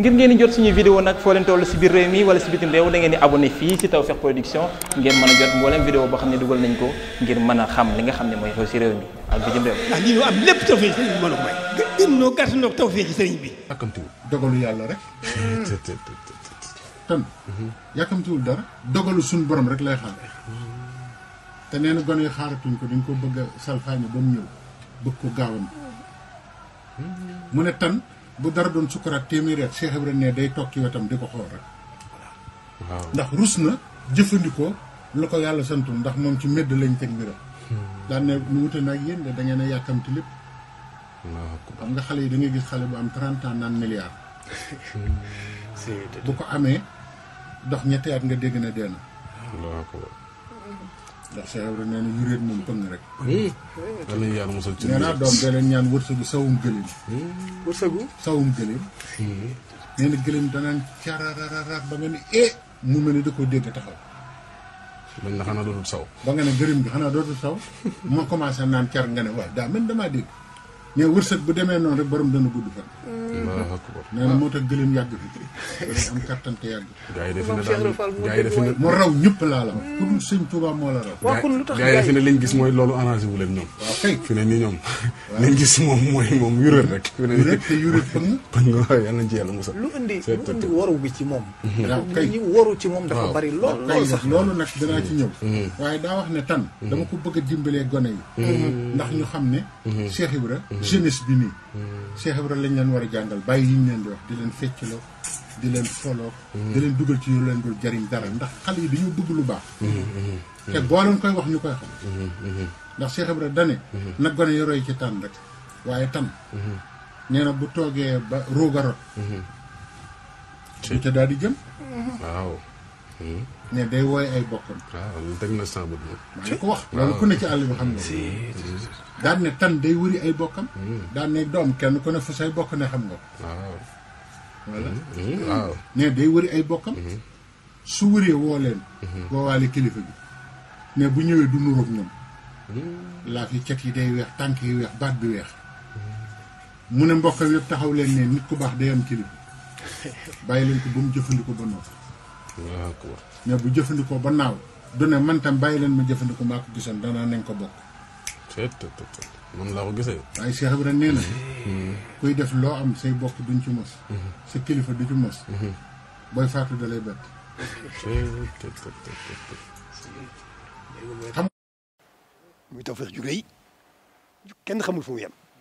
ngir ngeen di jot suñu vidéo nag foo leen toll si biir réew mi wala si bitim réew da ngeen di abonné fii si Tawfekh Production ngeen mën a jot mboolem vidéo boo xam ne dugal nañ ko ngir mën a xam li nga xam ne mooy xew si réew mi ak bitim réew. ndax lii ñu am lépp Tawfekh sëriñ bi mën a may. gën noo gàtt noo Tawfekh sëriñ bi. yàkkamtiwul dogalu yàlla rek. tan yàkkamtiwul dara dogalu suñu borom rek lay xaar te nee na gone yi xaaratuñ ko dañ ko bëgg a salfaañe ba mu ñëw bëgg ko gaawam mu ne tan bu dara doon sukkaraat téeméeri at Cheikh Ibrahima ne day toog ci wetam di ko xool rek. ndax rus na jëfandikoo la ko yàlla santul ndax moom ci medd lañ teg mbiram. Hmm. daan ne mu nag yéen da ngeen a yàkkamti lépp. xam nga xale yi da gis xale bu am 30 ans milliard. Hmm. bu ko amee ndox ñetti at nga dégg ne dee na. ndax Cheikh Ibrahima nee na yuréet moom pëng rek. yàlla nañu yàlla musal ci doom dee leen ñaan wërsëgu sawum gëléem hmm. wërsëgu sawum gëléem hmm. nee na gëléem danaan carararaar ba nga ne e mu mel ni da koo dégg taxaw dañ na xanaa dootul saw ba nga ne gëléem gi xanaa dootul saw ma commencé naan car nga ne waaye daa mel damaa dégg mais wërsëg bu demee noonu rek borom dana gudd fan. waaw nee na moo tax gëlëm yàgg fi. day am kattan te yàgg. gaa raw ñëpp laa la wax. ku dul sëñ Touba moo la raw. waxul lu tax ne liñ gis mooy loolu arrangé wu leen ñoom. waaw kay fi ne nii ñoom. liñ gis moom mooy moom yuréel rek. fi ne ci yàlla musal. lu indi lu indi waru bi ci moom. Mhm. waaw kay ñu waru lool lool sax loolu nag danaa ci ñëw. Mhm. waaye daa wax ne tan dama ko bëgg a dimbalee gone yi. Mhm. ndax ñu xam ne Cheikh Ibra jeunesse bi nii. Hmm. Cheikh Ibra lañ leen war a jàngal bàyyi yi ñu leen di wax di leen feccloo di leen foloo. di hmm. leen dugal ci yu leen dul jariñ dara ndax xale yi dañu bëgg lu baax. Hmm, te boo koy wax ñu koy xam. ndax Cheikh Ibra dane nag gone yi roy ci tànn rek waaye tam. nee na bu toogee ba ruuga rot. te daal di jëm. waaw. ne day wooye ay bokkam. waaw teg na sàmm bi. ko wax loolu ku ne ci àll bi xam nga. daan ne tan day wëri ay bokkam. Hmm. daan ne doom kenn ko ne fu say bokk ne xam nga ko. waaw hmm, hmm, ne day wëri ay bokkam. su wëree woo leen. woowaale kilifa bi. ne bu ñëwee du nuróog yi cet yi day weex tànk yi weex baat bi weex. mu ne mbokkam yëpp taxaw leen ne nit ku baax day am kilifa. bàyyi leen ko ba mu jëfandikoo ba noppi. waaw mais bu jëfandikoo ba naaw du ne man tam bàyyi leen ma jëfandikoo maa ko gisoon danaa nañ ko bokk. moom laa ko gisee. waaye Cheikh Ibrahima nee na. Hmm. kuy def loo am say bokk duñ ci mos. Hmm. si kilifa du ci mos. Hmm. booy faatu da lay bett. muy Tawfekh ju rëy kenn xamul